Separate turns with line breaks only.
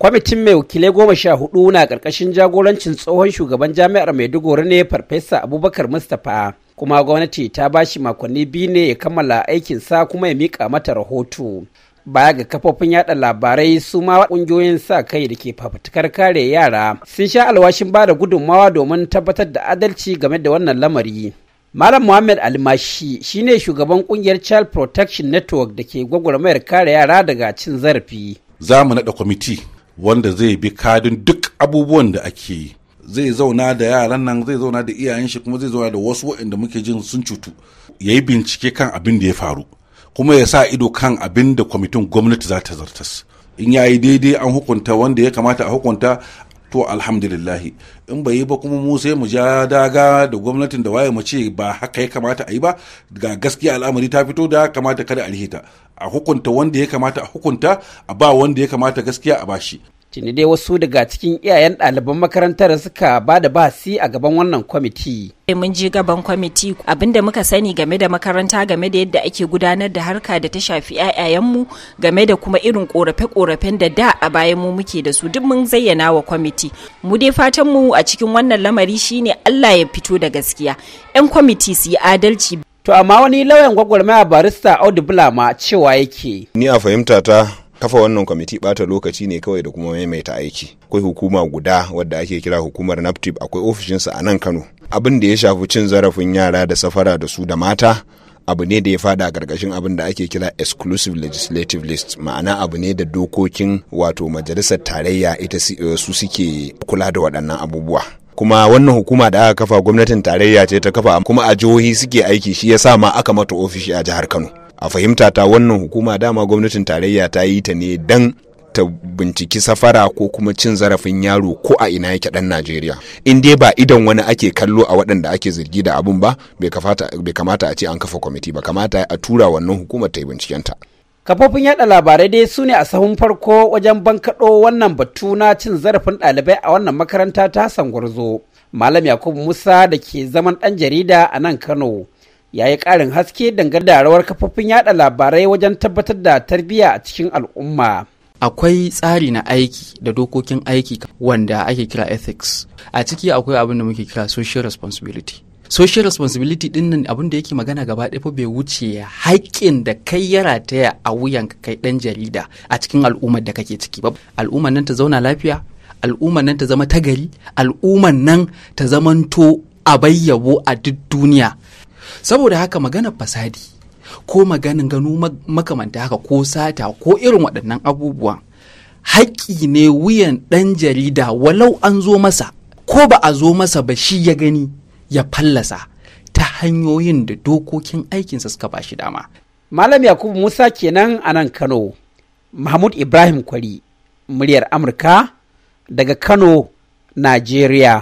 kwamitin mai wakilai goma sha hudu na ƙarƙashin jagorancin tsohon shugaban jami'ar maiduguri ne farfesa abubakar mustapha kuma gwamnati ta ba shi makonni biyu ne ya kammala aikinsa kuma ya mika mata rahoto baya ga kafofin yada labarai su ma kungiyoyin sa kai da ke fafutukar kare yara sun sha alwashin ba da gudunmawa domin tabbatar da adalci game da wannan lamari malam muhammad almashi shine shugaban kungiyar child
protection network da ke gwagwarmayar kare yara daga cin zarafi za mu naɗa kwamiti wanda zai bi kadin duk abubuwan da ake yi zai zauna da yaran nan zai zauna da iyayen shi kuma zai zauna da wasu waɗanda muke jin sun cutu ya yi bincike kan abin da ya faru kuma ya sa ido kan abin da kwamitin gwamnati za ta zartas in ya yi daidai an hukunta wanda ya kamata a hukunta to alhamdulillahi in bai yi ba kuma mu sai mu ja daga da gwamnatin da waye mu ce ba haka ya kamata a yi ba ga gaskiya al'amari ta fito da kamata kada a rihita a hukunta wanda ya kamata a hukunta a ba wanda ya kamata gaskiya a bashi
tuni dai wasu daga cikin iyayen ɗaliban makarantar suka ba da basi a gaban wannan kwamiti. Eh, mun je gaban kwamiti abinda muka sani game da makaranta game da yadda ake gudanar da harka da ta shafi 'ya'yayenmu game da kuma irin korafe-korafen da da a bayan mu muke da su duk mun zayyana wa kwamiti mu dai fatan mu a cikin wannan lamari shine Allah ya fito da gaskiya 'yan kwamiti su yi adalci to amma wani lauyan gwagwarmaya barista Audu Bulama cewa yake
ni a fahimta ta kafa wannan kwamiti bata lokaci ne kawai da kuma maimaita aiki akwai hukuma guda wadda ake kira hukumar naptip akwai ofishinsa a nan kano abin da ya shafi cin zarafin yara da safara da su da mata abu ne da ya fada a ƙarƙashin abin da ake kira exclusive legislative list ma'ana abu ne da dokokin wato majalisar tarayya ita eh, su suke kula da waɗannan abubuwa kuma wannan hukuma da aka kafa gwamnatin tarayya ce ta kafa kuma a jihohi suke aiki shi ya sa ma aka mata ofishi a jihar kano a fahimta ta wannan hukuma dama gwamnatin tarayya ta yi ta ne dan ta binciki safara ko kuma cin zarafin yaro ko a ina yake dan Najeriya in dai ba idan wani ake kallo a waɗanda ake zargi da abun ba bai kamata a ce an kafa kwamiti ba kamata a tura wannan hukumar ta yi bincikenta
kafofin yada labarai dai su ne a sahun farko wajen bankaɗo wannan batu na cin zarafin ɗalibai a wannan makaranta ta sangwarzo malam yakubu musa da ke zaman ɗan jarida a nan kano ya yi ƙarin haske dangane da rawar kafofin
yada labarai wajen tabbatar da tarbiyya a cikin al'umma. akwai tsari na aiki da dokokin aiki wanda ake kira ethics a ciki akwai abin da muke kira social responsibility social responsibility din nan abin da yake magana gaba ɗaya bai wuce haƙƙin da kai ya rataya a wuyan kai ɗan jarida a cikin al'ummar da kake ciki ba al'ummar nan ta zauna lafiya al'ummar nan ta zama tagari al'ummar nan ta zamanto a bayyabo a duk duniya saboda haka maganar fasadi ko maganin gano makamanta haka ko sata ko irin waɗannan abubuwan haƙƙi ne wuyan ɗan jarida walau an zo masa ko ba a zo masa ba shi ya gani ya fallasa ta hanyoyin da dokokin aikinsa suka ba shi dama.
Malam Yakubu Musa kenan a nan Kano, Mahmud Ibrahim Kwari, muryar Amurka daga Kano, Najeriya.